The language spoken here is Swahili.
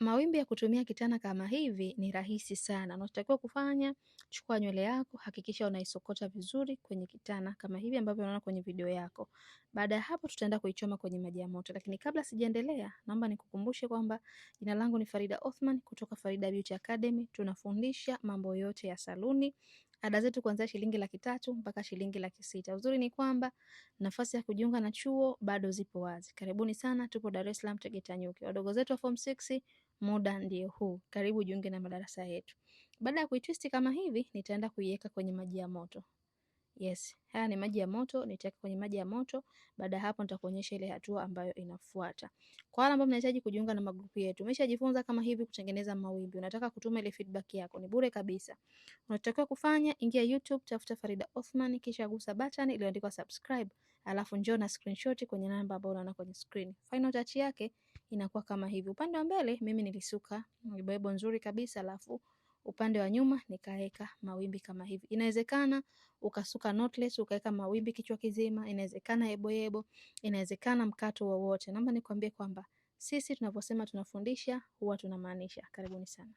Mawimbi ya kutumia kitana kama hivi ni rahisi sana. Unachotakiwa kufanya, chukua nywele yako, hakikisha unaisokota vizuri kwenye kitana kama hivi ambavyo unaona kwenye video yako. Baada ya hapo, tutaenda kuichoma kwenye maji ya moto, lakini kabla sijaendelea, naomba nikukumbushe kwamba jina langu ni Farida Othman kutoka Farida Beauty Academy. Tunafundisha mambo yote ya saluni ada zetu kuanzia shilingi laki tatu mpaka shilingi laki sita. Uzuri ni kwamba nafasi ya kujiunga na chuo bado zipo wazi. Karibuni sana, tupo Dar es Salaam Tegeta Nyuki. Wadogo zetu wa form 6 muda ndio huu, karibu jiunge na madarasa yetu. Baada ya kuitwist kama hivi, nitaenda kuiweka kwenye maji ya moto. Yes, haya ni maji ya moto, nitaweka kwenye maji ya moto. Baada ya hapo nitakuonyesha ile hatua ambayo inafuata. Kwa wale ambao mnahitaji kujiunga na magrupu yetu, umeshajifunza kama hivi kutengeneza mawimbi, unataka kutuma ile feedback yako, ni bure kabisa. Unachotakiwa kufanya, ingia YouTube, tafuta Farida Othman, kisha gusa button iliyoandikwa subscribe, alafu njoo na screenshot kwenye namba ambayo unaona kwenye screen. Final touch yake inakuwa kama hivi. Upande wa mbele mimi nilisuka ribebo nzuri kabisa, alafu upande wa nyuma nikaweka mawimbi kama hivi. Inawezekana ukasuka knotless ukaweka mawimbi kichwa kizima, inawezekana yeboyebo, inawezekana mkato wowote. Naomba nikwambie kwamba sisi tunavyosema tunafundisha huwa tunamaanisha. Karibuni sana.